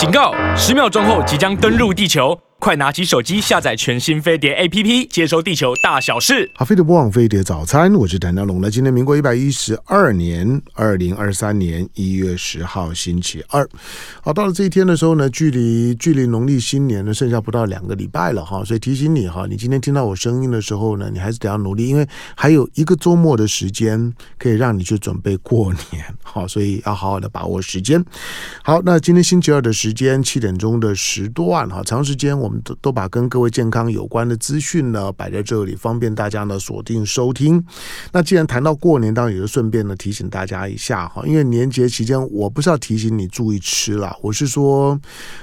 警告！十秒鐘後即將登陸地球。快拿起手機下載全新飛碟 A P P，接收地球大小事。好，飛碟聯播網飛碟早餐，我是唐湘龍。那今天民國一百一十二年二零二三年一月十號星期二，好，到了這一天的時候呢，距離距離農曆新年呢，剩下不到兩個禮拜了哈，所以提醒你哈，你今天聽到我聲音的時候呢，你還是得要努力，因為還有一個週末的時間可以讓你去準備過年，好，所以要好好的把握時間。好，那今天星期二的時間七點鐘的時段哈，湘龍時間我。我們都都把跟各位健康有關的資訊呢擺在這裡，方便大家呢鎖定收聽。那既然談到過年，當然也就順便呢提醒大家一下哈，因為年節期間，我不是要提醒你注意吃啦，我是說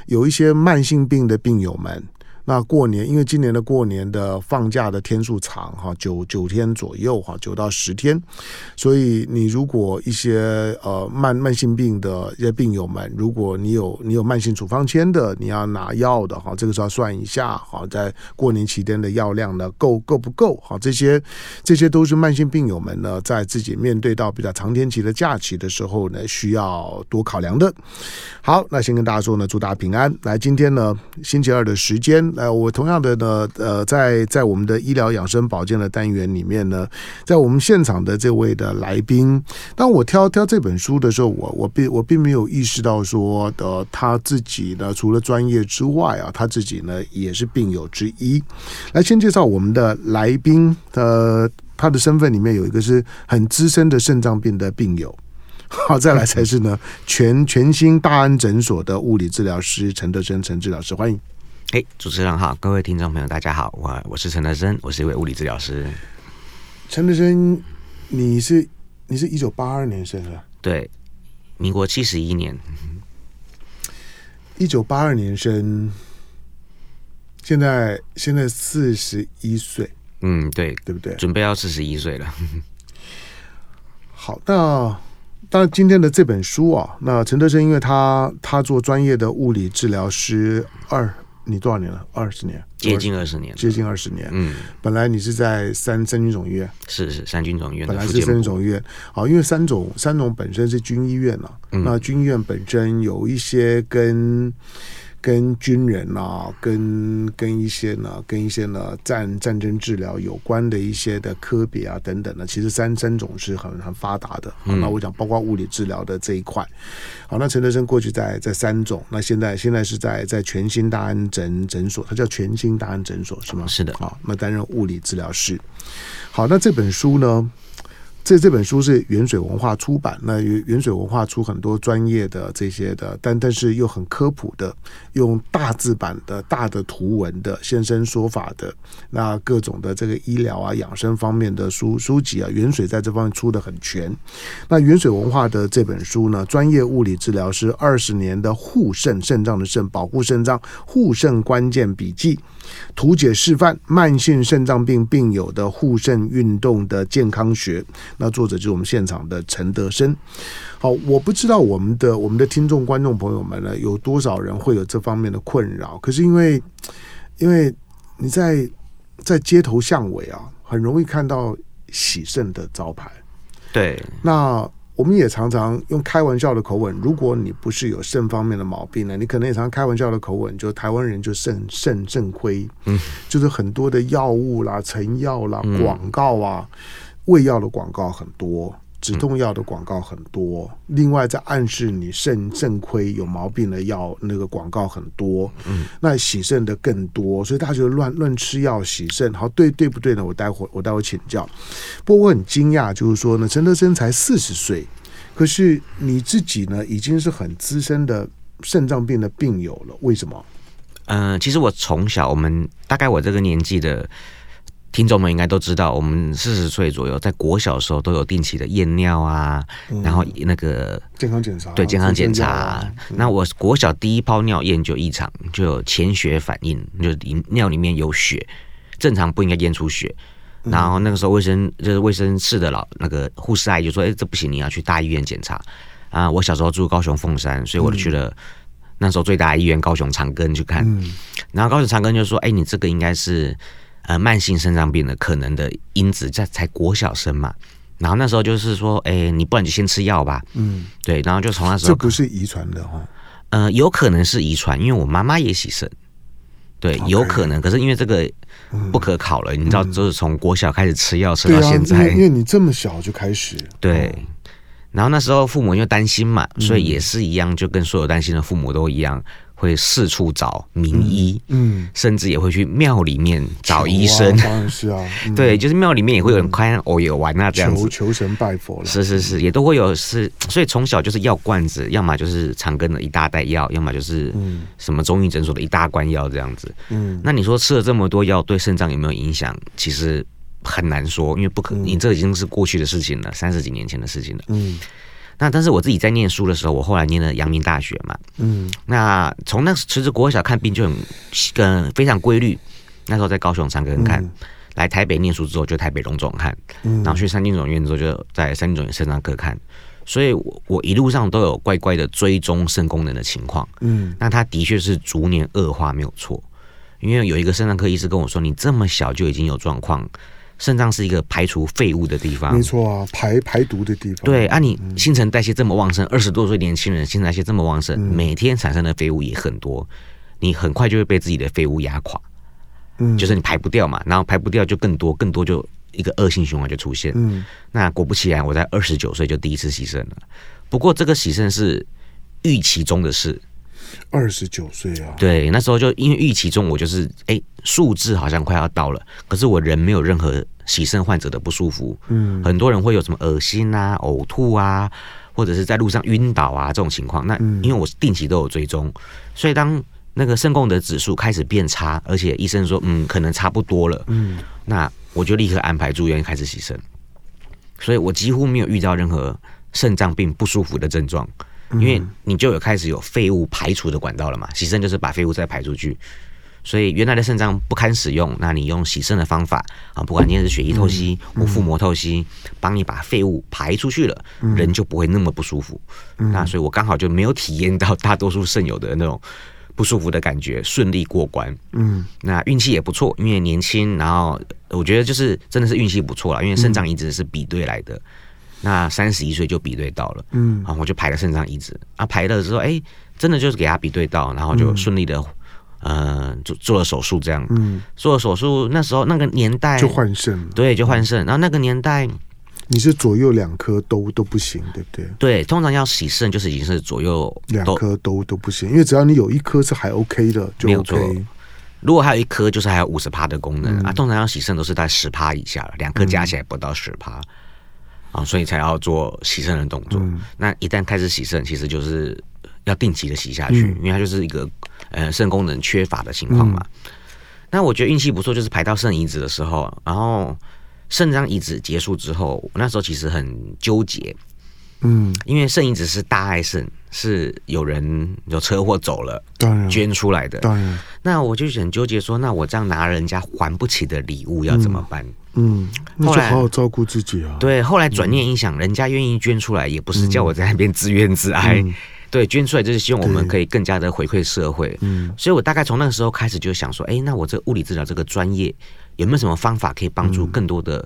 有一些慢性病的病友們。那過年，因為今年的過年的放假的天數長哈，九九天左右哈，九到十天，所以你如果一些呃慢慢性病的一些病友們，如果你有你有慢性處方簽的，你要拿藥的哈，這個時候要算一下哈，在過年期間的藥量呢夠夠不夠哈？這些這些都是慢性病友們呢，在自己面對到比較長天期的假期的時候呢，需要多考量的。好，那先跟大家說呢，祝大家平安。來，今天呢星期二的時間。呃，我同樣的呢，呃，在在我們的醫療養生保健的單元裡面呢，在我們現場的這位的來賓，當我挑挑這本書的時候，我我並我並沒有意識到說的，呃，他自己呢，除了專業之外啊，他自己呢也是病友之一。來，先介紹我們的來賓，呃，他的身份裡面有一個是很資深的腎臟病的病友。好，再來才是呢，全全新大安診所的物理治療師陳德生陳治療師，歡迎。哎，hey, 主持人好，各位聽眾朋友，大家好，我我是陳德生，我是一位物理治療師。陳德生，你是你是一九八二年生的，對，民國七十一年，一九八二年生，現在現在四十一歲，嗯，對對不對？準備要四十一歲了。好，那當然今天的這本書啊，那陳德生，因為他他做專業的物理治療師二。你多少年了？二十年，接近二十年，年，接近二十年。嗯，本來你是在三三軍總醫院，是是三軍總醫院，本來是三軍總醫院。好，因為三總三總本身是軍醫院了，啊，嗯，那軍醫院本身有一些跟。跟軍人啊，跟跟一些呢，跟一些呢戰戰爭治療有關的一些的科別啊等等的，其實三三總是很很發達的。那我講包括物理治療的這一塊。好，那陳德生過去在在三總，那現在現在是在在全新大安診診所，他叫全新大安診所是嗎？是的，啊，那擔任物理治療師。好，那這本書呢？這這本書是原水文化出版，那原水文化出很多專業的這些的，但但是又很科普的，用大字版的大的圖文的現身說法的，那各種的這個醫療啊養生方面的書書籍啊，原水在這方面出得很全。那原水文化的這本書呢，專業物理治療師二十年的護腎腎臟的腎保護腎臟護腎關鍵筆記。圖解示範慢性腎臟病病友的護腎運動的健康學，那作者就是我們現場的陳德生。好，我不知道我們的我們的聽眾觀眾朋友們呢，有多少人會有這方面的困擾？可是因為因為你在在街頭巷尾啊，很容易看到洗腎的招牌。對，那。我們也常常用開玩笑的口吻，如果你不是有腎方面的毛病呢，你可能也常常開玩笑的口吻，就台灣人就腎腎正虧。嗯，就是很多的藥物啦、成藥啦、廣告啊、胃藥的廣告很多。止痛藥的廣告很多，另外在暗示你腎腎虧有毛病的藥那個廣告很多，嗯，那洗腎的更多，所以大家就亂亂吃藥洗腎，好對對不對呢？我待會我待會請教。不過我很驚訝，就是說呢，陳德生才四十歲，可是你自己呢已經是很資深的腎臟病的病友了，為什麼？嗯、呃，其實我從小我們大概我這個年紀的。聽眾們應該都知道，我們四十歲左右在國小時候都有定期的驗尿啊，嗯、然後那個健康檢查、啊，對健康檢查、啊。啊、那我國小第一泡尿驗就異常，就有潛血反應，就尿裡面有血，正常不應該驗出血。嗯、然後那個時候衛生就是衛生室的老那個護士阿姨就說：“哎，這不行，你要去大醫院檢查。”啊，我小時候住高雄鳳山，所以我就去了那時候最大醫院高雄長庚去看。嗯、然後高雄長庚就說：“哎，你這個應該是。”呃，慢性腎臟病的可能的因子在才國小生嘛，然後那時候就是說，哎、欸，你不然就先吃藥吧，嗯，對，然後就從那時候，這不是遺傳的哈、哦，呃，有可能是遺傳，因為我媽媽也洗腎。對，Okay, 有可能，可是因為這個不可考了，嗯、你知道，就是從國小開始吃藥吃到現在、啊，因為你這麼小就開始，嗯、對，然後那時候父母又擔心嘛，所以也是一樣，嗯、就跟所有擔心的父母都一樣。會四處找名醫，嗯，嗯甚至也會去廟裡面找醫生，是啊、嗯，嗯、 對，就是廟裡面也會有人看，偶有玩那這樣求求神拜佛了，是是是，也都會有是，所以從小就是藥罐子，要麼就是長根的一大袋藥，要麼就是嗯什麼中醫診所的一大罐藥這樣子，嗯，那你說吃了這麼多藥，對腎臟有沒有影響？其實很難說，因為不可，嗯、你這已經是過去的事情了，三十幾年前的事情了，嗯。那但是我自己在念書的時候，我後來念了陽明大學嘛，嗯，那從那時其實國小看病就很，嗯，非常規律。那時候在高雄長庚看，嗯、來台北念書之後就台北榮總看，嗯、然後去三軍總院之後就在三軍總院腎臟科看，所以我我一路上都有乖乖的追蹤腎功能的情況，嗯，那他的確是逐年惡化沒有錯，因為有一個腎臟科醫師跟我說，你這麼小就已經有狀況。腎臟是一個排除廢物的地方，沒錯啊，排排毒的地方。對啊，你新陳代謝這麼旺盛，嗯，二十多歲年輕人新陳代謝這麼旺盛，每天產生的廢物也很多，嗯、你很快就會被自己的廢物壓垮，嗯，就是你排不掉嘛，然後排不掉就更多，更多就一個惡性循環就出現。嗯，那果不其然，我在二十九歲就第一次洗腎了，不過這個洗腎是預期中的事。二十九歲啊，對，那時候就因為預期中，我就是哎，數字好像快要到了，可是我人沒有任何洗腎患者的不舒服。嗯，很多人會有什麼噁心啊、嘔吐啊，或者是在路上暈倒啊這種情況。那因為我定期都有追蹤，嗯、所以當那個腎功的指數開始變差，而且醫生說嗯，可能差不多了。嗯，那我就立刻安排住院開始洗腎，所以我幾乎沒有遇到任何腎臟病不舒服的症狀。因為你就有開始有廢物排除的管道了嘛，洗腎就是把廢物再排出去，所以原來的腎臟不堪使用，那你用洗腎的方法啊，不管你也是血液透析或、嗯、腹膜透析，幫你把廢物排出去了，嗯、人就不會那麼不舒服。嗯、那所以我剛好就沒有體驗到大多數腎友的那種不舒服的感覺，順利過關。嗯，那運氣也不錯，因為年輕，然後我覺得就是真的是運氣不錯了，因為腎臟一直是比對來的。嗯那三十一歲就比對到了，嗯，啊，我就排了腎臟移植，啊，排了之後，哎，真的就是給他比對到，然後就順利的，嗯，做、呃、做了手術這樣，嗯，做了手術那時候那個年代就換腎，對，就換腎，嗯、然後那個年代，你是左右兩顆都都不行，對不對？對，通常要洗腎就是已經是左右兩顆都都不行，因為只要你有一顆是還 OK 的，就 OK 沒有錯，如果還有一顆就是還有五十趴的功能、嗯、啊，通常要洗腎都是在十趴以下了，兩顆加起來不到十趴。嗯所以才要做洗腎的動作。嗯、那一旦開始洗腎，其實就是要定期的洗下去，嗯、因為它就是一個呃腎功能缺乏的情況嘛。嗯、那我覺得運氣不錯，就是排到腎移植的時候，然後腎臟移植結束之後，那時候其實很糾結，嗯，因為腎移植是大愛腎，是有人有車禍走了捐出來的。嗯、那我就很糾結說，那我這樣拿人家還不起的禮物要怎麼辦？嗯嗯，那就好好照顧自己啊。對，後來轉念一想，嗯、人家願意捐出來，也不是叫我在那邊自怨自艾。嗯嗯、對，捐出來就是希望我們可以更加的回饋社會。嗯，所以我大概從那個時候開始就想說，哎，那我這物理治療這個專業有沒有什麼方法可以幫助更多的、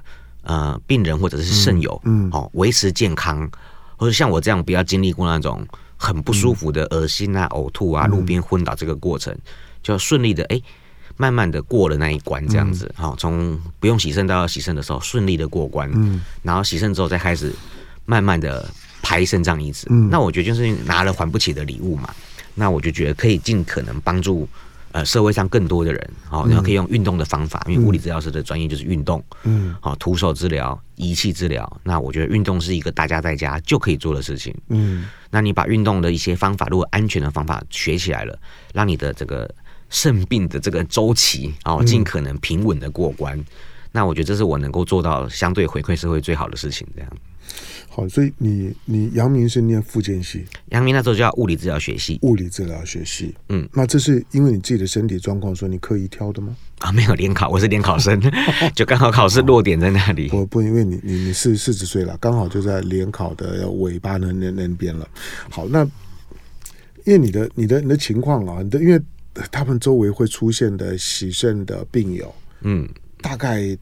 嗯、呃病人或者是腎友，嗯，嗯哦，維持健康，或者像我這樣不要經歷過那種很不舒服的噁心啊、嘔吐啊、路邊昏倒這個過程，嗯、就要順利的哎。誒慢慢的過了那一關，這樣子，好、嗯，從不用洗腎到洗腎的時候，順利的過關，嗯，然後洗腎之後再開始慢慢的排腎臟移植，嗯，那我覺得就是拿了還不起的禮物嘛，那我就覺得可以盡可能幫助呃社會上更多的人，好、喔，然後可以用運動的方法，嗯、因為物理治療師的專業就是運動，嗯，好，徒手治療、儀器治療，那我覺得運動是一個大家在家就可以做的事情，嗯，那你把運動的一些方法，如果安全的方法學起來了，讓你的這個。腎病的這個周期啊，盡可能平穩的過關。嗯、那我覺得這是我能夠做到相對回饋社會最好的事情。這樣好，所以你你陽明是念復健系，陽明那時候叫物理治療學系，物理治療學系。嗯，那這是因為你自己的身體狀況所以你刻意挑的嗎？啊，沒有聯考，我是聯考生， 就剛好考試落點在那裡。 不不，因為你你你是四十歲了，剛好就在聯考的尾巴那那那邊了。好，那因為你的你的你的情況啊，你的因為。他們周圍會出現的洗腎的病友，嗯，大概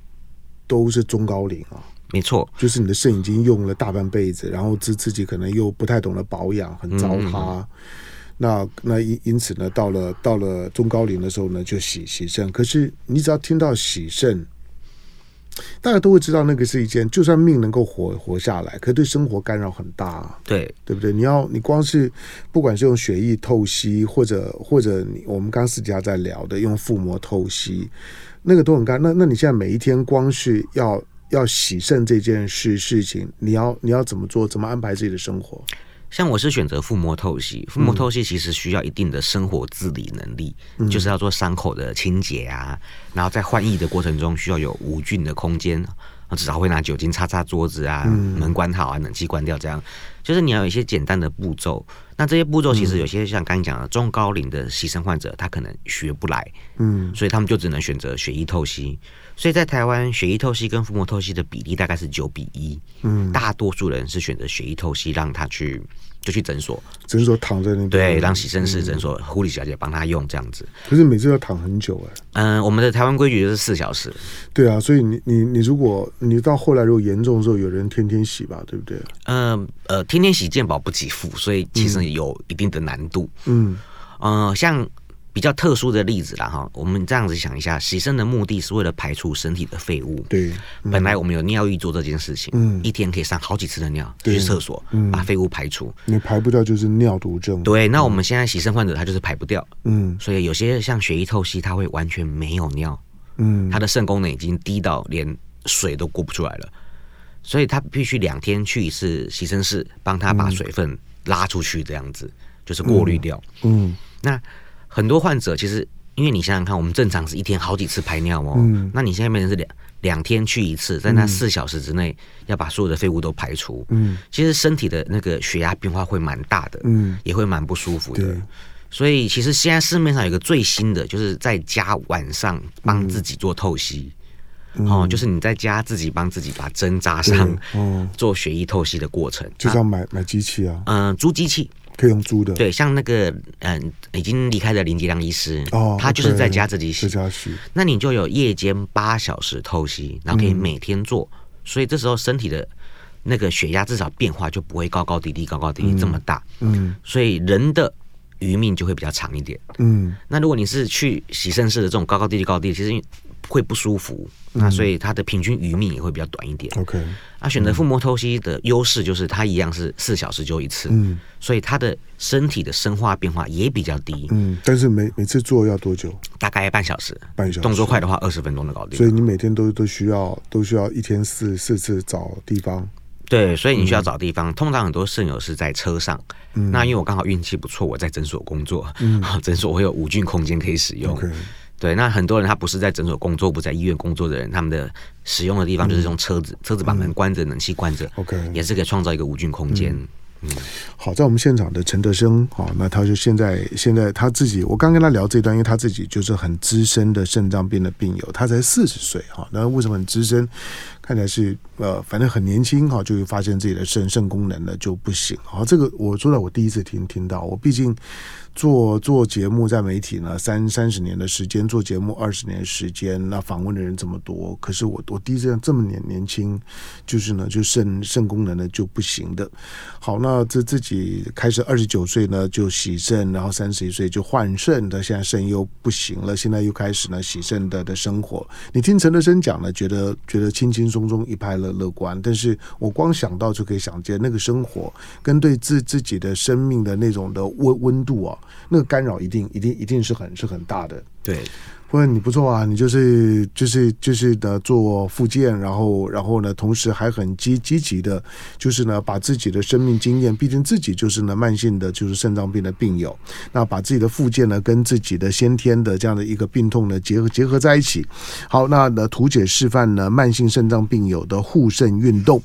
都是中高齡啊，沒錯，就是你的腎已經用了大半輩子，然後自自己可能又不太懂得保養，很糟蹋啊，嗯嗯。那那因因此呢，到了到了中高齡的時候呢，就洗洗腎。可是你只要聽到洗腎，大家都會知道，那個是一件，就算命能夠活活下來，可對生活干擾很大。對，對不對？你要，你光是，不管是用血液透析，或者或者我們剛私底下在聊的，用腹膜透析，那個都很干。那那你現在每一天光是要要洗腎這件事事情，你要你要怎麼做？怎麼安排自己的生活？像我是選擇腹膜透析，腹膜透析其實需要一定的生活自理能力，嗯、就是要做傷口的清潔啊，然後在換液的過程中需要有無菌的空間，至少會拿酒精擦擦桌子啊，門關好啊，冷氣關掉，這樣就是你要有一些簡單的步驟。那這些步驟其實有些像剛剛講的，中高齡的洗腎患者，他可能學不來，嗯，所以他們就只能選擇血液透析。所以在台灣，血液透析跟腹膜透析的比例大概是九比一，嗯，大多數人是選擇血液透析，讓他去。就去診所，診所躺在那邊對，讓洗腎室診、嗯、所護理小姐幫他用這樣子。可是每次要躺很久哎、欸。嗯、呃，我們的台灣規矩就是四小時。對啊，所以你你你，如果你到後來如果嚴重的時候，有人天天洗吧，對不對？嗯呃，呃，天天洗健保不給付，所以其實有一定的難度。嗯嗯，呃、像。比較特殊的例子啦哈，我們這樣子想一下，洗腎的目的是為了排除身體的廢物。對，嗯、本來我們有尿液做這件事情，嗯，一天可以上好幾次的尿對去廁所，嗯、把廢物排除。你排不掉就是尿毒症。對，那我們現在洗腎患者他就是排不掉，嗯，所以有些像血液透析，他會完全沒有尿，嗯，他的腎功能已經低到連水都過不出來了，所以他必須兩天去一次洗腎室，幫他把水分拉出去，這樣子、嗯、就是過濾掉嗯。嗯，那。很多患者其實，因為你想想看，我們正常是一天好幾次排尿哦，嗯、那你現在變成是兩兩天去一次，在那四小時之內要把所有的廢物都排出，嗯，其實身體的那個血壓變化會蠻大的，嗯，也會蠻不舒服的。對所以，其實現在市面上有一個最新的，就是在家晚上幫自己做透析，嗯、哦，就是你在家自己幫自己把針扎上，哦，做血液透析的過程，嗯啊、就像買買機器啊，嗯、呃，租機器。租的，對，像那個嗯，已經離開的林傑樑醫師，oh, okay, 他就是在家自己洗。洗，那你就有夜間八小時透析，然後可以每天做，嗯，所以這時候身體的那個血壓至少變化就不會高高低低高高低低這麼大，嗯，嗯，所以人的餘命就會比較長一點，嗯，那如果你是去洗腎室的這種高高低低高低，其實會不舒服。那、啊、所以它的平均餘命也會比較短一點。OK，那、啊、選擇腹膜透析的優勢就是它一樣是四小時就一次，嗯，所以它的身體的生化變化也比較低，嗯。但是每每次做要多久？大概半小時，半小時。動作快的話，二十分鐘就搞定。所以你每天都都需要都需要一天四四次找地方？對，所以你需要找地方。嗯、通常很多腎友是在車上，嗯、那因為我剛好運氣不錯，我在診所工作，嗯，診所我有無菌空間可以使用。Okay. 對，那很多人他不是在診所工作，不在醫院工作的人，他們的使用的地方就是用車子，嗯、車子把門關着，嗯、冷氣關着，OK，也是可以創造一個無菌空間。嗯，嗯，好，在我們現場的陳德生，哈，那他就現在現在他自己，我剛剛跟他聊這段，因為他自己就是很資深的腎臟病的病友，他才四十歲，哈，那為什麼很資深？看起來是呃，反正很年輕，哈，就會發現自己的腎腎功能呢就不行，哈，這個我說到，我第一次聽聽到，我畢竟。做做節目在媒體呢，三三十年的時間做節目二十年時間，那訪問的人這麼多，可是我我第一次這麼年年輕，就是呢就腎腎功能呢就不行的。好，那這自己開始二十九歲呢就洗腎，然後三十一歲就換腎，他現在腎又不行了，現在又開始呢洗腎的的生活。你聽陳德生講呢，覺得覺得輕輕鬆鬆一派樂樂觀，但是我光想到就可以想見那個生活跟對自自己的生命的那種的溫溫度啊。那個干擾一定一定一定是很是很大的，對。或者你不錯啊，你就是就是就是的做復健，然後然後呢，同時還很積積極的，就是呢，把自己的生命經驗，畢竟自己就是呢慢性的就是腎臟病的病友，那把自己的復健呢跟自己的先天的這樣的一個病痛呢結合結合在一起。好，那呢圖解示範呢慢性腎臟病友的護腎運動。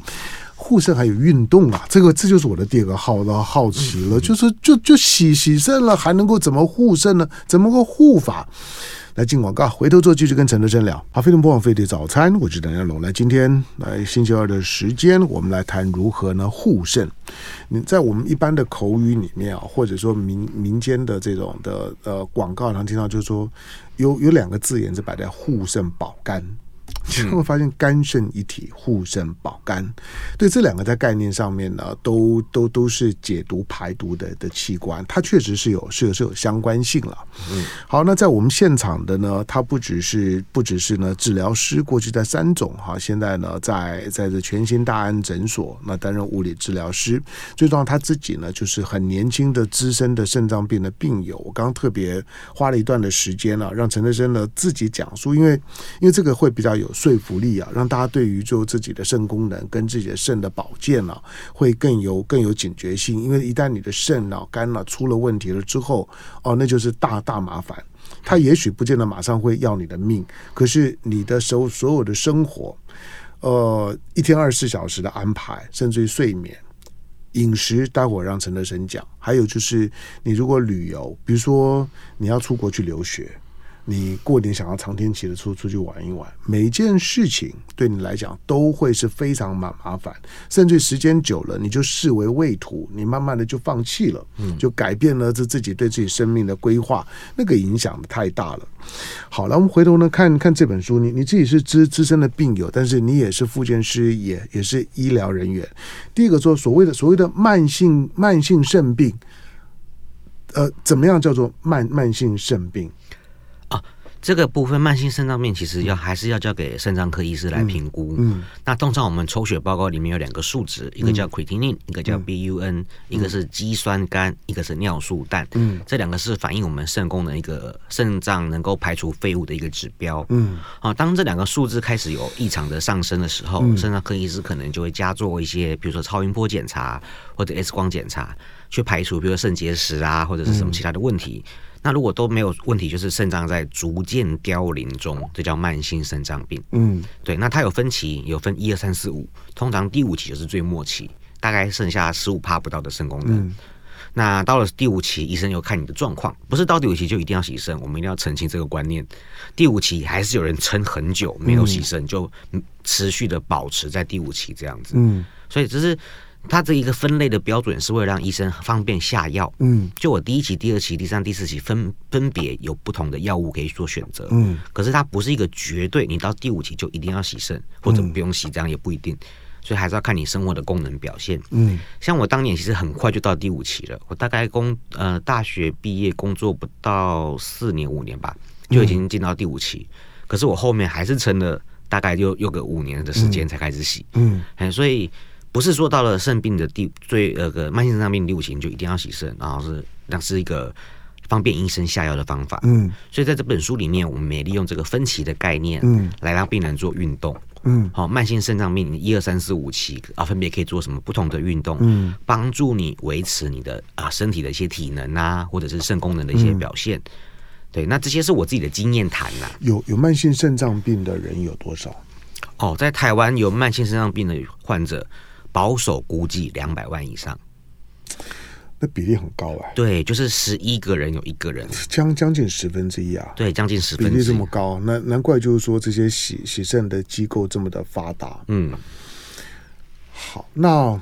護腎還有運動啊，這個這就是我的第二個好好奇了，了嗯、就是就就洗洗腎了，還能夠怎麼護腎呢？怎麼個護法？來進廣告，回頭再繼續跟陳德生聊。好、啊，飛碟聯播網，飛碟早餐，我是唐湘龍。來今天來星期二的時間，我們來談如何呢護腎？你在我們一般的口語裡面啊，或者說民民間的這種的呃廣告上聽到，就是說有有兩個字眼是擺在護腎保肝。他們、嗯、發現肝腎一體，護腎保肝，對這兩個在概念上面呢，都都都是解毒排毒的的器官，它確實是有是有是有是有相關性了。嗯，好，那在我們現場的呢，他不只是不只是呢治療師，過去在三總哈，現在呢在在這全新大安診所那擔任物理治療師，最重要他自己呢就是很年輕的資深的腎臟病的病友。我剛剛特別花了一段的時間呢、啊，讓陳德生呢自己講述，因為因為這個會比較有說服力啊，讓大家對於就自己的腎功能跟自己的腎的保健啊，會更有更有警覺性。因為一旦你的腎啊、肝啊出了問題了之後，哦、啊，那就是大大麻煩。他也許不見得馬上會要你的命，可是你的所，所有的生活，呃，一天二十四小時的安排，甚至於睡眠、飲食，待會讓陳德生講。還有就是，你如果旅遊，比如說你要出國去留學。你過年想要長天期的出出去玩一玩，每件事情對你來講都會是非常麻麻煩，甚至時間久了，你就視為畏途，你慢慢的就放棄了，就改變了自自己對自己生命的規劃，那個影響太大了。好了，我們回頭呢，看看這本書，你你自己是資資深的病友，但是你也是復健師，也也是醫療人員。第一個說所謂的所謂的慢性慢性腎病，呃，怎麼樣叫做慢慢性腎病？這個部分慢性腎臟病其實要還是要交給腎臟科醫師來評估。嗯嗯、那通常我們抽血報告裡面有兩個數值，嗯、一個叫 creatinine，嗯、一個叫 BUN，嗯、一個是肌酸酐，一個是尿素氮。嗯、這兩個是反映我們腎功能一個腎臟能夠排除廢物的一個指標。嗯，好、啊，當這兩個數字開始有異常的上升的時候，嗯、腎臟科醫師可能就會加做一些，比如說超音波檢查或者 X 光檢查，去排除比如腎結石啊或者是什麼其他的問題。嗯嗯那如果都沒有問題，就是腎臟在逐漸凋零中，這叫慢性腎臟病。嗯，對。那它有分期，有分一二三四五，通常第五期就是最末期，大概剩下十五趴不到的腎功能。嗯。那到了第五期，醫生就看你的狀況，不是到第五期就一定要洗腎，我們一定要澄清這個觀念。第五期還是有人撐很久沒有洗腎，就持續的保持在第五期這樣子。嗯，所以這是。它這一個分類的標準是為了讓醫生方便下藥。嗯，就我第一期、第二期、第三、第四期分分別有不同的藥物可以做選擇。嗯，可是它不是一個絕對，你到第五期就一定要洗腎或者不用洗，這樣也不一定。所以還是要看你生活的功能表現。嗯，像我當年其實很快就到第五期了，我大概工呃大學畢業工作不到四年五年吧，就已經進到第五期。嗯、可是我後面還是撐了大概又又個五年的時間才開始洗。嗯，嗯，所以。不是說到了腎病的第最那個慢性腎臟病第五期就一定要洗腎，然後是那是一個方便醫生下藥的方法。嗯，所以在這本書裡面，我們也利用這個分期的概念，嗯，來讓病人做運動。嗯，好、嗯哦，慢性腎臟病一二三四五期啊，分別可以做什麼不同的運動？嗯，幫助你維持你的啊身體的一些體能啊，或者是腎功能的一些表現。嗯、對，那這些是我自己的經驗談吶、啊。有有慢性腎臟病的人有多少？哦，在台灣有慢性腎臟病的患者。保守估計兩百萬以上，那比例很高啊！對，就是十一個人有一個人，將將近十分之一啊！對，將近十分之一，比例這麼高啊，難難怪就是說這些洗洗腎的機構這麼的發達。嗯，好，那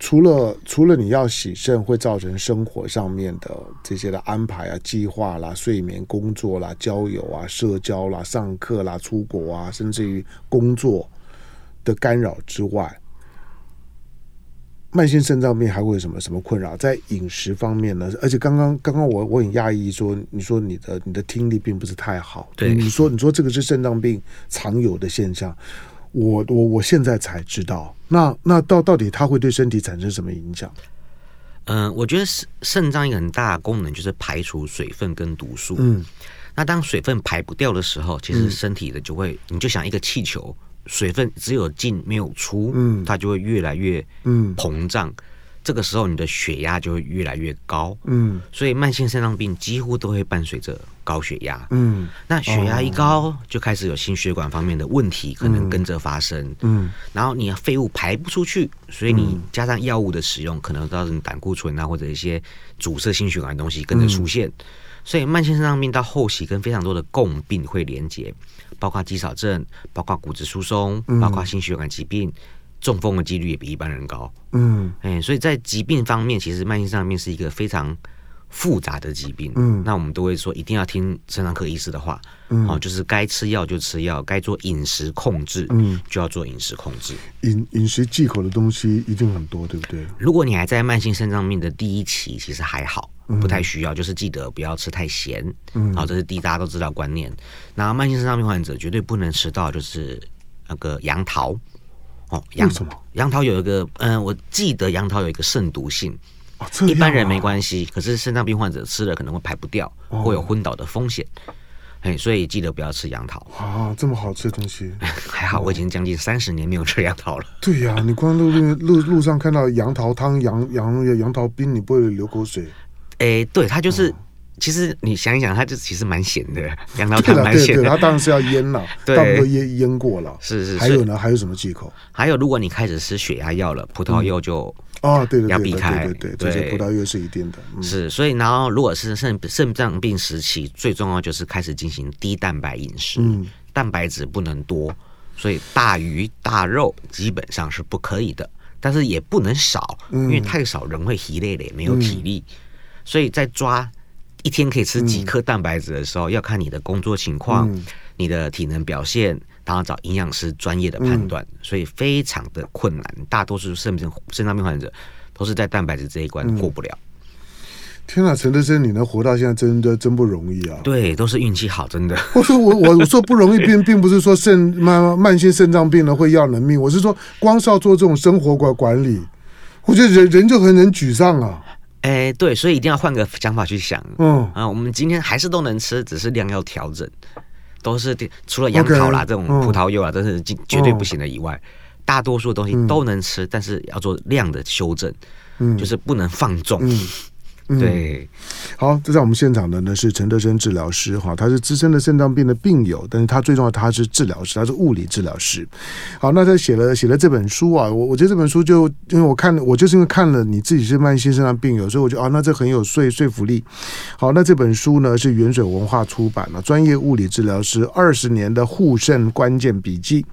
除了除了你要洗腎會造成生活上面的這些的安排啊、計劃啦、睡眠、工作啦、交友啊、社交啦、上課啦、出國啊，甚至於工作。的干擾之外，慢性腎臟病還會有什麼什麼困擾？在飲食方面呢？而且剛剛剛剛我我很訝異，說你說你的你的聽力並不是太好，對你說是你說這個是腎臟病常有的現象。我我我現在才知道，那那到到底它會對身體產生什麼影響？嗯，我覺得腎腎臟一個很大的功能就是排除水分跟毒素。嗯，那當水分排不掉的時候，其實身體的就會、嗯、你就想一個氣球。水分只有進沒有出，嗯、它就會越來越膨脹。嗯、這個時候，你的血壓就會越來越高。嗯，所以慢性腎臟病幾乎都會伴隨着高血壓。嗯，那血壓一高，嗯、就開始有心血管方面的問題，可能跟着發生。嗯，然後你的廢物排不出去，所以你加上藥物的使用，可能造成膽固醇啊或者一些阻塞心血管的東西跟着出現。嗯所以慢性腎臟病到後期，跟非常多的共病會連結，包括肌少症、包括骨質疏鬆、包括心血管疾病，中風的幾率也比一般人高。嗯，哎，所以在疾病方面，其實慢性腎臟病是一個非常複雜的疾病，嗯，那我們都會說一定要聽腎臟科醫師的話，嗯，好、哦，就是該吃藥就吃藥，該做飲食控制，嗯，就要做飲食控制。飲飲食忌口的東西一定很多，對不對？如果你還在慢性腎臟病的第一期，其實還好，嗯、不太需要，就是記得不要吃太鹹，嗯，好、哦，這是第一大家都知道觀念。那慢性腎臟病患者絕對不能吃到就是那個楊桃，哦，楊什麼？楊桃有一個，嗯、呃，我記得楊桃有一個腎毒性。哦啊、一般人沒關係，可是腎臟病患者吃了可能會排不掉，哦、會有昏倒的風險。哎，所以記得不要吃楊桃啊！這麼好吃的東西，還好我已經將近三十年沒有吃楊桃了。哦、對呀、啊，你光路路路上看到楊桃湯、楊楊楊桃冰，你不會流口水？哎、欸，對，它就是。嗯、其實你想一想，它就其實蠻鹹的，楊桃湯蠻對對對鹹的，它當然是要醃了，但對不會醃醃過了。是是對，還有呢？還有什麼忌口？是是是還有，如果你開始吃血壓藥了，葡萄柚就。嗯哦、啊，對對對，要避開對對對對，對這些葡萄柚是一定的，嗯、是。所以，然後如果是腎腎臟病時期，最重要就是開始進行低蛋白飲食，嗯、蛋白質不能多，所以大魚大肉基本上是不可以的，但是也不能少，因為太少人會疲累累，沒有體力。嗯、所以在抓一天可以吃幾克蛋白質的時候，嗯、要看你的工作情況，嗯、你的體能表現。然後找營養師專業的判斷，嗯、所以非常的困難。大多數腎病、腎臟病患者都是在蛋白質這一關過不了。嗯、天哪，陳德生，你能活到現在，真的真不容易啊！對，都是運氣好，真的。我說我我我說不容易，並 並不是說腎慢慢性腎臟病了會要人命，我是說光是要做這種生活管管理，我覺得人人就很能沮喪啊。哎，對，所以一定要換個想法去想。嗯啊，我們今天還是都能吃，只是量要調整。都是除了楊桃啦、Okay，這種葡萄柚啊，哦、都是絕對不行的以外，哦、大多數東西都能吃，嗯、但是要做量的修正，嗯、就是不能放縱。嗯。嗯、對，好，就在我們現場的呢是陳德生治療師哈，他是資深的腎臟病的病友，但是他最重要，他是治療師，他是物理治療師。好，那他寫了寫了這本書啊，我我覺得這本書就因為我看，我就是因為看了你自己是慢性腎臟病友，所以我覺得啊，那這很有說說服力。好，那這本書呢是原水文化出版了，專業物理治療師二十年的護腎關鍵筆記，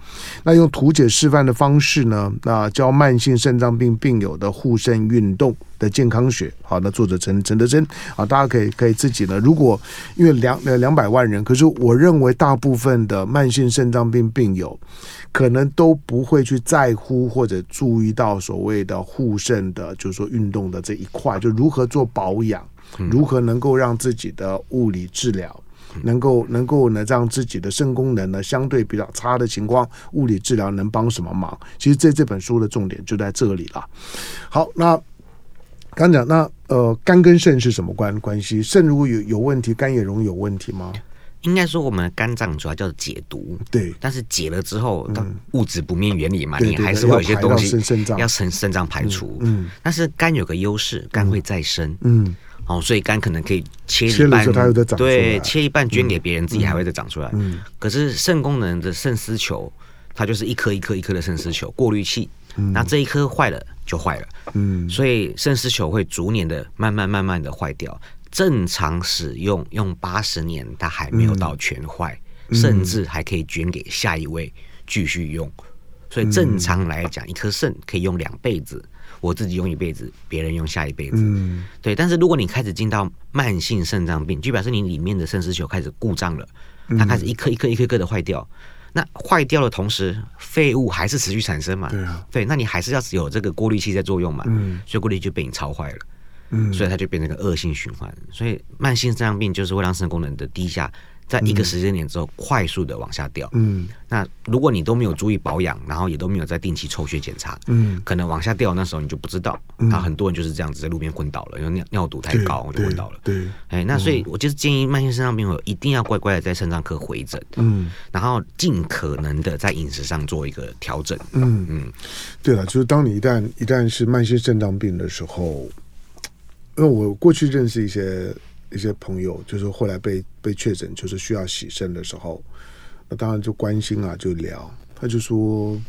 那用圖解示範的方式呢，那、呃、教慢性腎臟病病友的護腎運動。的健康學，好的，那作者陳陳德生啊，大家可以可以自己呢，如果因為兩兩百萬人，可是我認為大部分的慢性腎臟病病友可能都不會去在乎或者注意到所謂的護腎的，就是說運動的這一塊，就如何做保養，嗯、如何能夠讓自己的物理治療能夠能夠呢，讓自己的腎功能呢相對比較差的情況，物理治療能幫什麼忙？其實這這本書的重點就在這裡了。好，那。剛講那呃，肝跟腎是什麼關關係？腎如果有有問題，肝也容易有問題嗎？應該說，我們的肝臟主要叫解毒，對。但是解了之後，它物質不滅原理嘛，你還是會有些東西，腎臟要腎腎臟排除。嗯。但是肝有個優勢，肝會再生。嗯。哦，所以肝可能可以切一半，它長出來。對，切一半捐給別人，自己還會再長出來。嗯。可是腎功能的腎絲球，它就是一顆一顆一顆的腎絲球過濾器。那、嗯、這一顆壞了就壞了，嗯，所以腎絲球會逐年的慢慢慢慢的壞掉。正常使用用八十年，它還沒有到全壞，嗯、甚至還可以捐給下一位繼續用。所以正常來講，嗯、一顆腎可以用兩輩子，我自己用一輩子，別人用下一輩子，嗯、對。但是如果你開始進到慢性腎臟病，就表示你裡面的腎絲球開始故障了，它開始一顆一顆一顆一顆的壞掉。那壞掉的同時廢物還是持續產生嘛？對啊，對，那你還是要有這個過濾器在作用嘛？嗯，所以過濾器就被你超壞了，嗯，所以它就變成個惡性循環。嗯，所以慢性腎臟病就是會讓腎功能的低下。在一個時間點之後，快速的往下掉。嗯，那如果你都沒有注意保養，然後也都沒有在定期抽血檢查，嗯，可能往下掉，那時候你就不知道。那很多人就是這樣子在路邊昏倒了，因為尿尿毒太高我就昏倒了。對，哎，那所以我就是建議慢性腎臟病友一定要乖乖的在腎臟科回診，嗯，然後盡可能的在飲食上做一個調整。嗯嗯，對了，就是當你一旦一旦是慢性腎臟病的時候，因為我過去認識一些。一些朋友就是後來被被確診，就是需要洗腎的時候，那當然就關心啊，就聊。他就說，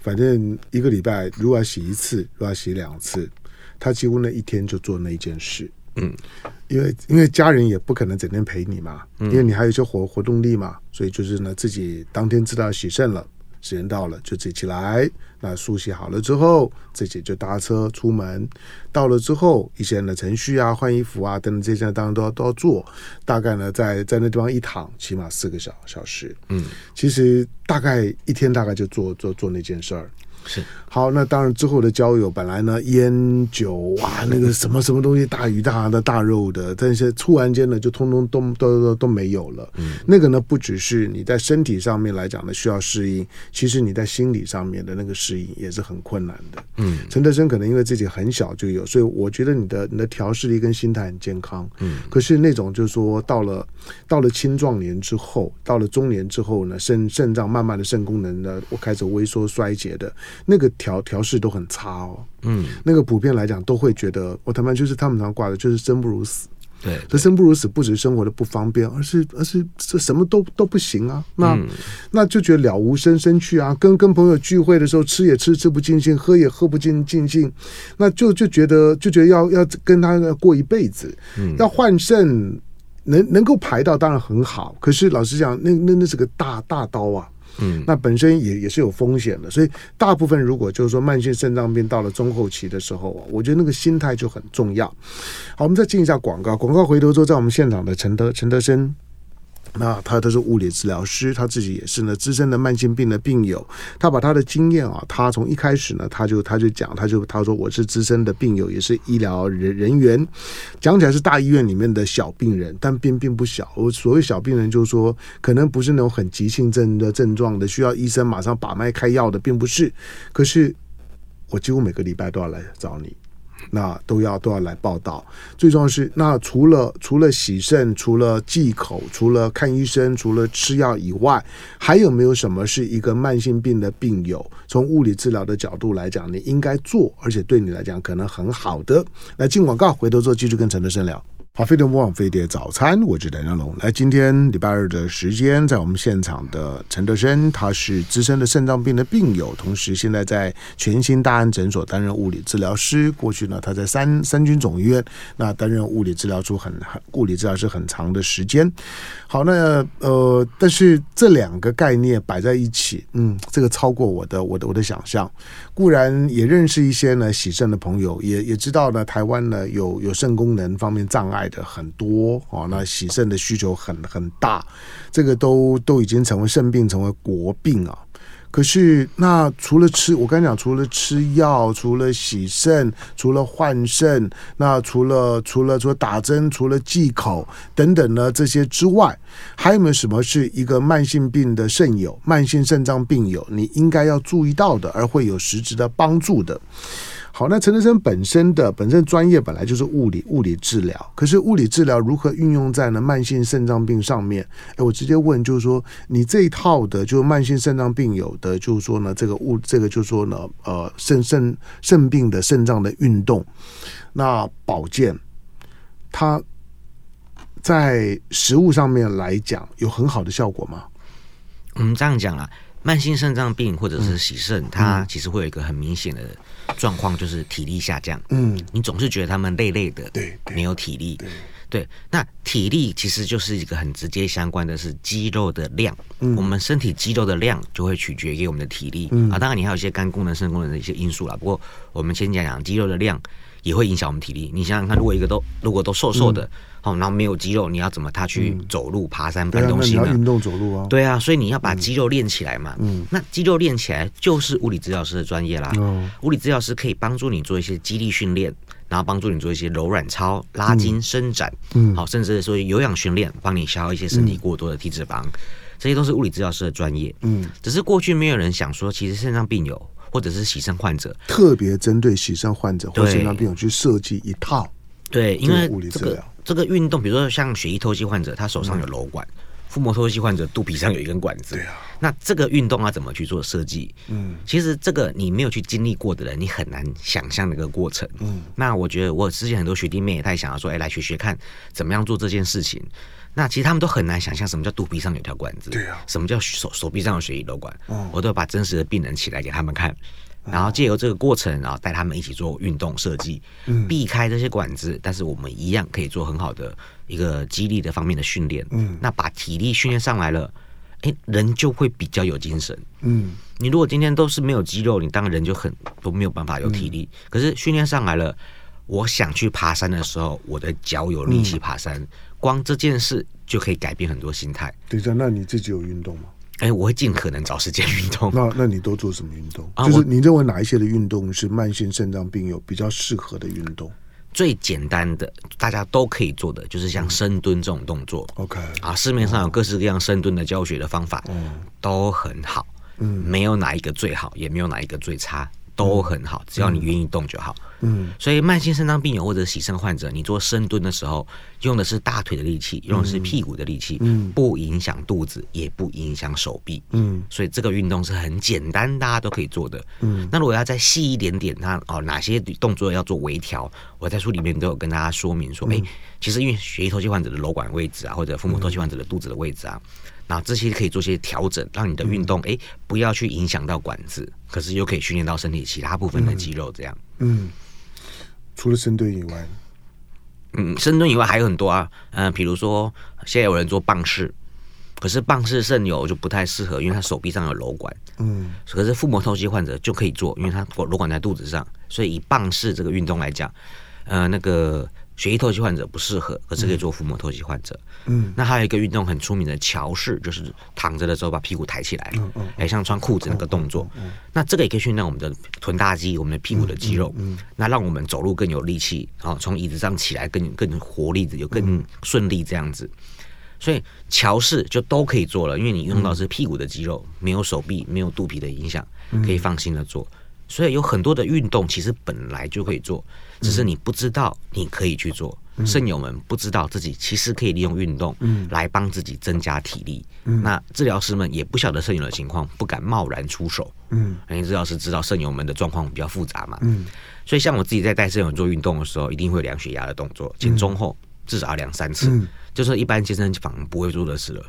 反正一個禮拜如果要洗一次，如果要洗兩次，他幾乎那一天就做那一件事。嗯，因為因為家人也不可能整天陪你嘛，因為你還有一些活活動力嘛，所以就是呢自己當天知道要洗腎了。時間到了就自己起來，那梳洗好了之後，自己就搭車出門。到了之後，一些人的程序，啊、換衣服啊等等這些，當然都要都要做。大概呢在，在在那地方一躺，起碼四個小小時。嗯，其實大概一天大概就做做做，做那件事兒。是好，那當然之後的交友，本來呢，菸酒啊，那個什麼什麼東西，大魚大的大肉的，但是突然間呢，就通通都都都都沒有了。嗯，那個呢，不只是你在身體上面來講呢，需要適應，其實你在心理上面的那個適應也是很困難的。嗯，陳德生可能因為自己很小就有，所以我覺得你的你的調適力跟心態很健康。嗯，可是那種就是說，到了到了青壯年之後，到了中年之後呢，腎腎臟慢慢的腎功能呢，我開始萎縮衰竭的。那個調調適都很差哦，嗯，那個普遍來講都會覺得，我他媽就是他們常掛的就是生不如死。對，這生不如死不止生活的不方便，而是而是這什麼都都不行啊，那、嗯、那就覺得了無生生趣啊，跟跟朋友聚會的時候吃也吃吃不盡興，喝也喝不盡盡興，那就就覺得就覺得要要跟他過一輩子，嗯、要換腎能能夠排到當然很好，可是老實講，那那那是個大大刀啊。嗯，那本身也也是有風險的，所以大部分如果就是說慢性腎臟病到了中後期的時候，我覺得那個心態就很重要。好，我們再進一下廣告，廣告回頭說，在我們現場的陳德陳德生。那他他是物理治療師，他自己也是呢，資深的慢性病的病友。他把他的經驗啊，他從一開始呢，他就他就講，他就，他就，他說我是資深的病友，也是醫療人人員。講起來是大醫院裡面的小病人，但病並不小。我所謂小病人，就是說可能不是那種很急性症的症狀的，需要醫生馬上把脈開藥的，並不是。可是我幾乎每個禮拜都要來找你。那都要都要來報道。最重要是，那除了除了洗腎、除了忌口、除了看醫生、除了吃藥以外，還有沒有什麼是一個慢性病的病友從物理治療的角度來講，你應該做，而且對你來講可能很好的？來進廣告，回頭做繼續跟陳德生聊。好，飛碟，不忘飛碟早餐，我是唐湘龍。來，今天禮拜二的時間，在我們現場的陳德生，他是資深的腎臟病的病友，同時現在在全新大安診所擔任物理治療師。過去呢，他在三三軍總醫院那擔任物理治療處很物理治療師很長的時間。好，那呃，但是這兩個概念擺在一起，嗯，這個超過我的我的我的想象固然也認識一些呢洗腎的朋友，也也知道呢台灣呢有有腎功能方面障礙的很多哦，那洗腎的需求很很大，這個都都已經成為腎病成為國病啊。可是，那除了吃，我剛才講，除了吃藥，除了洗腎，除了換腎，那除了除了說打針，除了忌口等等呢，這些之外，還有沒有什麼是一個慢性病的腎友、慢性腎臟病友，你應該要注意到的，而會有實質的幫助的？好，那陳德生本身的本身專業本來就是物理物理治療，可是物理治療如何運用在呢慢性腎臟病上面？哎、欸，我直接問，就是說你這一套的，就是慢性腎臟病有的，就是說呢這個物這個就是說呢呃腎腎腎病的腎臟的運動，那保健，它在食物上面來講有很好的效果嗎？我們、嗯、這樣講啦，慢性腎臟病或者是洗腎，嗯、它其實會有一個很明顯的。狀況就是體力下降，嗯，你總是覺得他們累累的，對，沒有體力，對，對，對，對，那體力其實就是一個很直接相關的是肌肉的量，嗯，我們身體肌肉的量就會取決給我們的體力。嗯，啊，當然你還有一些肝功能、腎功能的一些因素啦。不過我們先講講肌肉的量。也會影響我們體力。你想想看，如果一個都如果都瘦瘦的，好、嗯，然後沒有肌肉，你要怎麼他去走路、爬山、搬東西呢？嗯啊、運動走路啊。對啊，所以你要把肌肉練起來嘛。嗯。那肌肉練起來就是物理治療師的專業啦。嗯，物理治療師可以幫助你做一些肌力訓練，然後幫助你做一些柔軟操、拉筋、伸展，嗯，好、嗯，甚至說有氧訓練，幫你消耗一些身體過多的體脂肪，嗯、這些都是物理治療師的專業。嗯。只是過去沒有人想說，其實腎臟病友。或者是洗腎患者，特別針對洗腎患者對或者讓病人去設計一套，對，因為這個這個運動，比如說像血液透析患者，他手上有瘻管，腹膜透析患者肚皮上有一根管子，對啊，那這個運動要怎麼去做設計？嗯，其實這個你沒有去經歷過的人，你很難想象那個過程。嗯，那我覺得我之前很多學弟妹也在想要說，哎、欸，來學學看怎麼樣做這件事情。那其實他們都很難想象什麼叫肚皮上有條管子，對啊，什麼叫手手臂上有血液瘻管？哦、我都要把真實的病人起來給他們看，哦、然後借由這個過程，然後帶他們一起做運動設計，嗯、避開這些管子，但是我們一樣可以做很好的一個肌力的方面的訓練，嗯，那把體力訓練上來了，哎，人就會比較有精神，嗯，你如果今天都是沒有肌肉，你當然人就很都沒有辦法有體力，嗯、可是訓練上來了，我想去爬山的時候，我的腳有力氣爬山。嗯光這件事就可以改變很多心態。對呀，那你自己有運動嗎？哎、欸，我會盡可能找時間運動。那，那你都做什麼運動？啊、就是你認為哪一些的運動是慢性腎臟病友比較適合的運動？最簡單的，大家都可以做的，就是像深蹲這種動作。嗯、OK，啊，市面上有各式各樣深蹲的教學的方法，嗯、都很好。嗯，沒有哪一個最好，也沒有哪一個最差。都很好，只要你願意動就好。嗯，嗯，所以慢性腎臟病友或者洗腎患者，你做深蹲的時候，用的是大腿的力氣，用的是屁股的力氣，嗯，嗯，不影響肚子，也不影響手臂，嗯，所以這個運動是很簡單，啊，大家都可以做的。嗯，那如果要再細一點點，那哦，哪些動作要做微調？我在書裡面都有跟大家說明說，誒，嗯欸，其實因為血液透析患者的瘻管位置啊，或者腹膜透析患者的肚子的位置啊。嗯嗯那這些可以做些調整，讓你的運動哎、嗯、不要去影響到管子，可是又可以訓練到身體其他部分的肌肉這樣。嗯，除了深蹲以外，嗯，深蹲以外還有很多啊，嗯、呃，比如說現在有人做棒式，可是棒式腎友，就不太適合，因為他手臂上有瘻管。嗯，可是腹膜透析患者就可以做，因為他瘻管在肚子上，所以以棒式這個運動來講，呃，那個。血液透析患者不適合，可是可以做腹膜透析患者。嗯，那還有一個運動很出名的橋式，就是躺着的時候把屁股抬起來，誒、嗯，嗯嗯、像穿褲子那個動作。嗯嗯嗯、那這個也可以訓練我們的臀大肌，我們的屁股的肌肉。嗯，嗯嗯那讓我們走路更有力氣，然後從椅子上起來更更活力子，就更順利這樣子。所以橋式就都可以做了，因為你用到是屁股的肌肉，沒有手臂，沒有肚皮的影響，可以放心的做。所以有很多的運動其實本來就可以做，只是你不知道你可以去做。腎、嗯、友們不知道自己其實可以利用運動來幫自己增加體力。嗯、那治療師們也不曉得腎友的情況，不敢貿然出手。嗯，因為治療師知道腎友們的狀況比較複雜嘛。嗯，所以像我自己在帶腎友做運動的時候，一定會有量血壓的動作，前中後至少兩三次，嗯、就是一般健身房不會做的事了。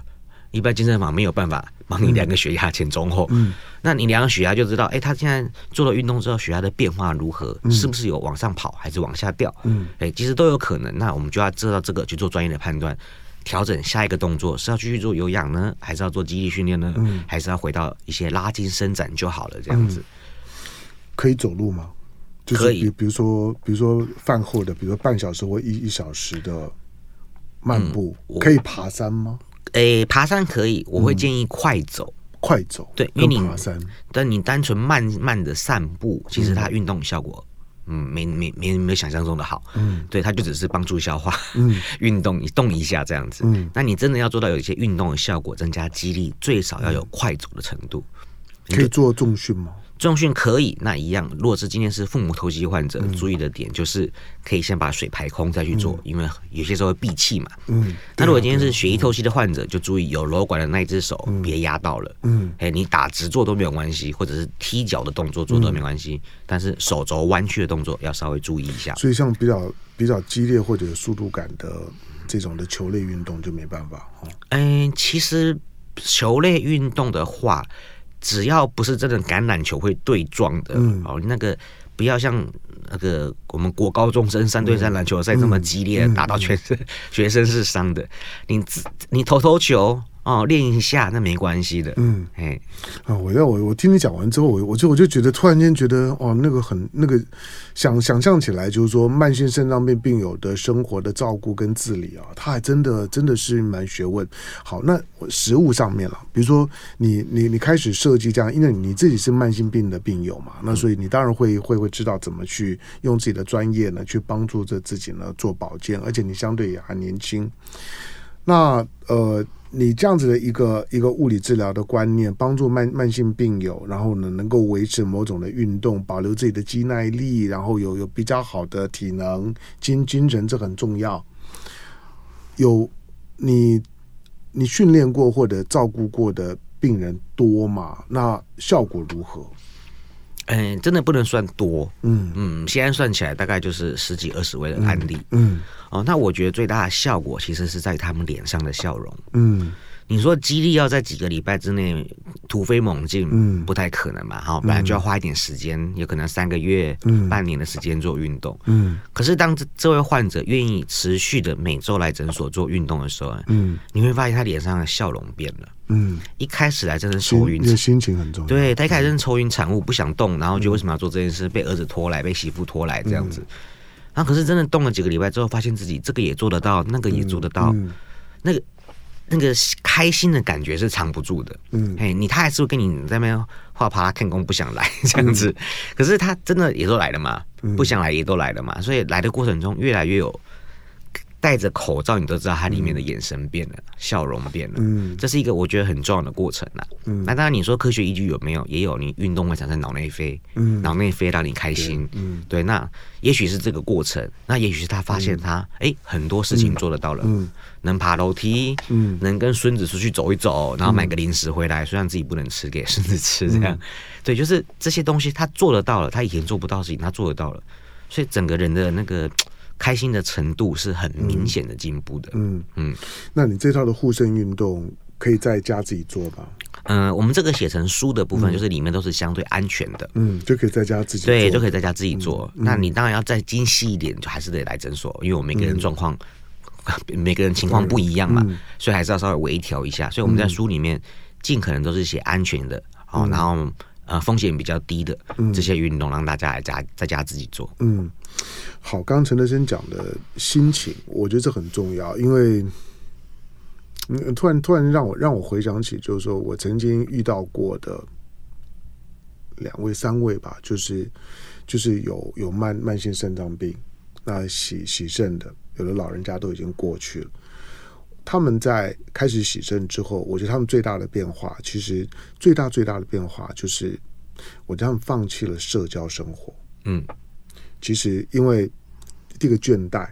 一般健身房沒有辦法。幫你量個血壓，前中後，嗯，嗯，那你量個血壓就知道，哎、欸，他現在做了運動之後血壓的變化如何，嗯、是不是有往上跑還是往下掉？嗯，哎、欸，其實都有可能。那我們就要知道這個，去做專業的判斷，調整下一個動作是要繼續做有氧呢，還是要做肌力訓練呢？嗯，還是要回到一些拉筋伸展就好了，這樣子、嗯。可以走路嗎？就是比比如說，比如說飯後的，比如說半小時或一一小時的漫步，嗯、我可以爬山嗎？欸、爬山可以，我會建議快走，快走、嗯。對，因為你爬山，但你單純慢慢的散步，其實它運動效果，嗯，沒沒沒沒想象中的好。嗯，對，它就只是幫助消化。嗯，運 動你動一下這樣子。嗯，那你真的要做到有一些運動的效果，增加肌力，最少要有快走的程度。可以做重訓嗎？重訓可以，那一樣。如果是今天是腹膜透析患者，嗯、注意的點就是可以先把水排空再去做，嗯、因為有些時候會閉氣嘛。嗯。那如果今天是血液透析的患者，嗯、就注意有瘻管的那隻手別壓、嗯、到了。嗯。哎，你打直做都沒有關係，或者是踢腳的動作做都沒關係，嗯、但是手肘彎曲的動作要稍微注意一下。所以，像比較比較激烈或者有速度感的這種的球類運動就沒辦法嗯、欸，其實球類運動的話。只要不是這種橄欖球會對撞的，嗯、哦，那個不要像那個我們國高中生三對三籃球賽那麼激烈，打到全身，全身、嗯嗯嗯、是傷的。你你投投球。哦，練一下那沒關係的。嗯，哎、嘿，啊，我要我我聽你講完之後，我我就我就覺得突然間覺得哦，那個很那個想，想想象起來就是說，慢性腎臟病病友的生活的照顧跟自理啊，他還真的真的是蠻學問。好，那實務上面了，比如說你你你開始設計這樣，因為你自己是慢性病的病友嘛，那所以你當然會會會知道怎麼去用自己的專業呢去幫助着自己呢做保健，而且你相對也還年輕，那呃。你這樣子的一個一個物理治療的觀念，幫助慢慢性病友，然後呢能夠維持某種的運動，保留自己的肌耐力，然後有有比較好的體能、精精神，這很重要。有你你訓練過或者照顧過的病人多嗎？那效果如何？嗯、欸，真的不能算多，嗯嗯，現在算起來大概就是十幾二十位的案例，嗯，嗯哦，那我覺得最大的效果其實是在於他們臉上的笑容，嗯。你說肌力要在幾個禮拜之內突飛猛進，嗯，不太可能吧？哈、嗯，本來就要花一點時間，嗯、有可能三個月、嗯、半年的時間做運動，嗯。可是當這這位患者願意持續的每周來診所做運動的時候，嗯，你會發現他臉上的笑容變了，嗯。一開始來真是愁雲，心，這個、心情很重要。對，他一開始真的愁雲慘霧，不想動，然後就為什麼要做這件事？被兒子拖來，被媳婦拖來，這樣子。然後、嗯啊、可是真的動了幾個禮拜之後，發現自己這個也做得到，那個也做得到，嗯、那個。那個開心的感覺是藏不住的，嗯，哎，你他還是會跟你在那邊畫，怕他看工不想來這樣子，嗯，可是他真的也都來了嘛，不想來也都來了嘛，嗯，所以來的過程中越來越有。戴着口罩，你都知道他裡面的眼神變了，嗯，笑容變了。這是一個我覺得很重要的過程啦。嗯，那當然你說科學依據有沒有？也有，你運動會產生腦內啡，嗯，腦內啡讓你開心。嗯，對，那也許是這個過程，那也許是他發現他，哎，很多事情做得到了，能爬樓梯，嗯，能跟孫子出去走一走，然後買個零食回來，雖然自己不能吃，給孫子吃，這樣，對，就是這些東西他做得到了，他以前做不到的事情，他做得到了，所以整個人的那個。開心的程度是很明顯的進步的。嗯嗯，嗯，那你這套的護腎運動可以在家自己做吧？嗯、呃，我們這個寫成書的部分，就是裡面都是相對安全的。嗯，嗯，就可以在家自己做。對，就可以在家自己做。嗯嗯、那你當然要再精細一點，就還是得來診所，因為我們每個人狀況、嗯、每個人情況不一樣嘛，嗯嗯、所以還是要稍微微調一下。所以我們在書裡面盡可能都是寫安全的、嗯、哦，然後呃風險比較低的、嗯、這些運動，讓大家來家在家自己做。嗯。好，剛陳德生講的心情，我覺得這很重要，因為突然突然讓我讓我回想起，就是說我曾經遇到過的兩位、三位吧，就是就是有有慢慢性腎臟病，那洗洗腎的，有的老人家都已經過去了。他們在開始洗腎之後，我覺得他們最大的變化，其實最大最大的變化就是，我覺得他們放棄了社交生活。嗯。其實，因為第一個倦怠，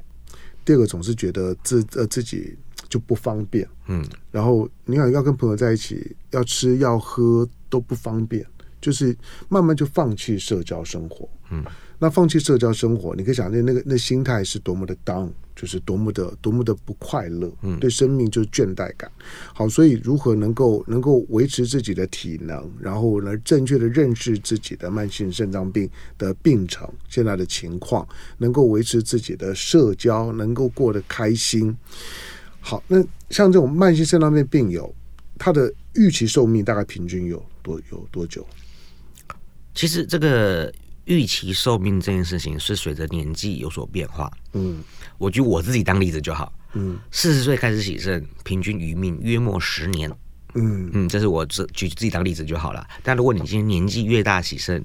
第二個總是覺得自呃自己就不方便，嗯，然後你想要跟朋友在一起，要吃要喝都不方便，就是慢慢就放棄社交生活，嗯，那放棄社交生活，你可以想象那個那心態是多麼的 down。就是多麼的多麼的不快樂，嗯，對生命就是倦怠感。好，所以如何能夠能夠維持自己的體能，然後來正確的認識自己的慢性腎臟病的病程，現在的情況，能夠維持自己的社交，能夠過得開心。好，那像這種慢性腎臟病病友，他的預期壽命大概平均有多有多久？其實這個預期壽命這件事情是隨着年紀有所變化。嗯。我舉我自己當例子就好。嗯，四十歲開始洗腎，平均餘命約莫十年。嗯嗯，這是我自舉自己當例子就好了。但如果你今年年紀越大洗腎，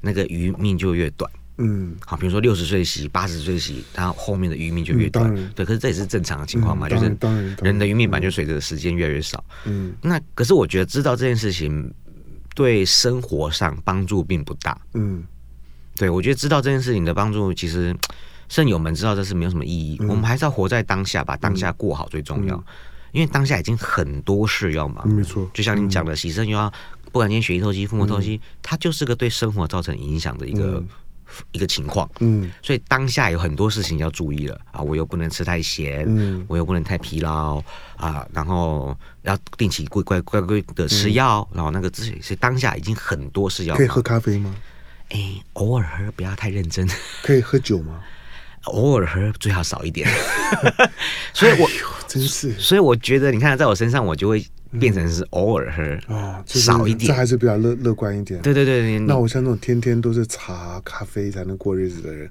那個餘命就越短。嗯，好，比如說六十歲洗，八十歲洗，它後面的餘命就越短。嗯、對，可是這也是正常的情況嘛，嗯、當然當然就是人的餘命本來就隨着時間越來越少。嗯，那可是我覺得知道這件事情對生活上幫助並不大。嗯，對，我覺得知道這件事情的幫助其實。腎友們知道這是沒有什麼意義，我們還是要活在當下，把當下過好最重要。因為當下已經很多事要忙，沒錯。就像你講的，洗腎要，不管今天血液透析、腹膜透析，它就是個對生活造成影響的一個一個情況。嗯，所以當下有很多事情要注意了啊！我又不能吃太鹹，嗯，我又不能太疲勞啊，然後要定期乖乖乖乖的吃藥，然後那個自己是當下已經很多事要。可以喝咖啡嗎？哎，偶爾喝不要太認真。可以喝酒嗎？偶爾喝最好少一點， 所以我，我、哎、真是，所以我覺得，你看，在我身上，我就會變成是偶爾喝，少一點、嗯啊這，這還是比較樂樂觀一點。對對對，那我像那種天天都是茶咖啡才能過日子的人，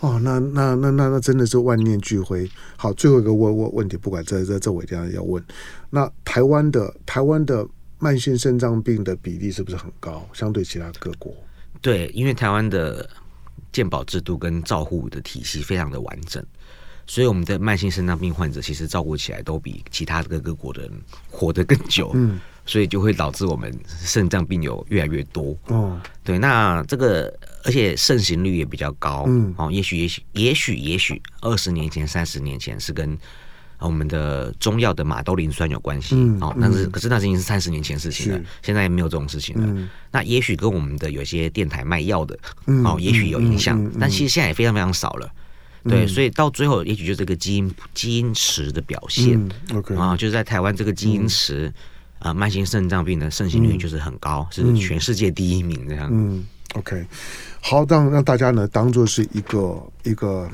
哦，那那那那那真的是萬念俱灰。好，最後一個問問問題，不管這這這，這我一定要要問。那台灣的台灣的慢性腎臟病的比例是不是很高？相對其他各國？對，因為台灣的。健保制度跟照護的體系非常的完整，所以我們的慢性腎臟病患者其實照顧起來都比其他各個國的人活得更久，嗯，所以就會導致我們腎臟病友越來越多，哦，對，那這個而且盛行率也比較高，嗯，哦，也許也許也許也許二十年前三十年前是跟。我們的中藥的馬兜鈴酸有關係哦，但是可是那已經是三十年前事情了，現在也沒有這種事情了。那也許跟我們的有些電台賣藥的哦，也許有影響，但其實現在也非常非常少了。對，所以到最後，也許就這個基因基因池的表現。OK，啊，就是在台灣這個基因池慢性腎臟病的盛行率就是很高，是全世界第一名這樣。OK，好，讓讓大家呢當做是一個一個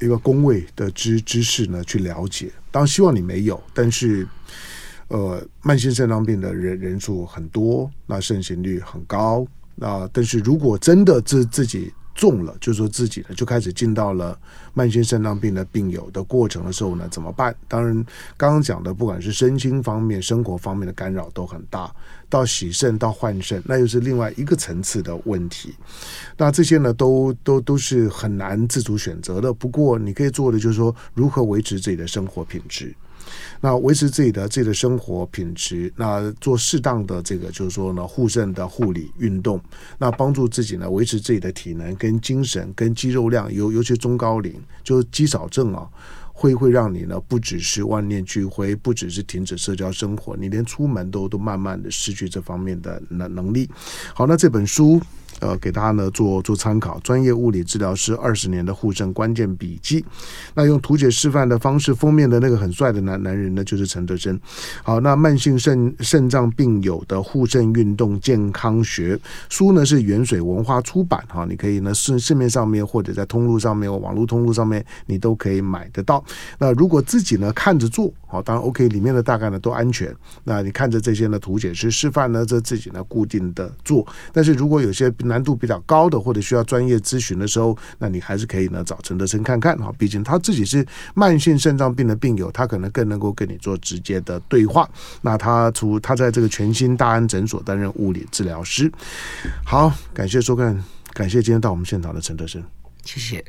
一個公衛的知知識呢去了解。當然，希望你沒有。但是，呃，慢性腎臟病的人人數很多，那盛行率很高。那但是如果真的自自己。中了，就是說自己呢就開始進到了慢性腎臟病的病友的過程的時候呢，怎麼辦？當然，剛剛講的不管是身心方面、生活方面的干擾都很大。到洗腎、到換腎，那又是另外一個層次的問題。那這些呢，都都都是很難自主選擇的。不過，你可以做的就是說，如何維持自己的生活品質。那維持自己的自己的生活品質，那做適當的這個就是說呢，護腎的護理運動，那幫助自己呢維持自己的體能、跟精神、跟肌肉量。尤尤其是中高齡，就是肌少症啊、哦，會會讓你呢不只是萬念俱灰，不只是停止社交生活，你連出門都都慢慢的失去這方面的能能力。好，那這本書。呃，給大家呢做做參考，專業物理治療師二十年的護腎關鍵筆記。那用圖解示範的方式，封面的那個很帥的男男人呢，就是陳德生。好，那慢性腎腎臟病友的護腎運動健康學書呢，是原水文化出版哈，你可以呢市市面上面或者在通路上面網絡通路上面，你都可以買得到。那如果自己呢看着做，好，當然 OK，裡面的大概呢都安全。那你看着這些呢圖解示示範呢，這自己呢固定的做。但是如果有些，難度比較高的，或者需要專業諮詢的時候，那你還是可以呢找陳德生看看哈，畢竟他自己是慢性腎臟病的病友，他可能更能夠跟你做直接的對話。那他除他在這個全新大安診所擔任物理治療師。好，感謝收看，感謝今天到我們現場的陳德生，謝謝。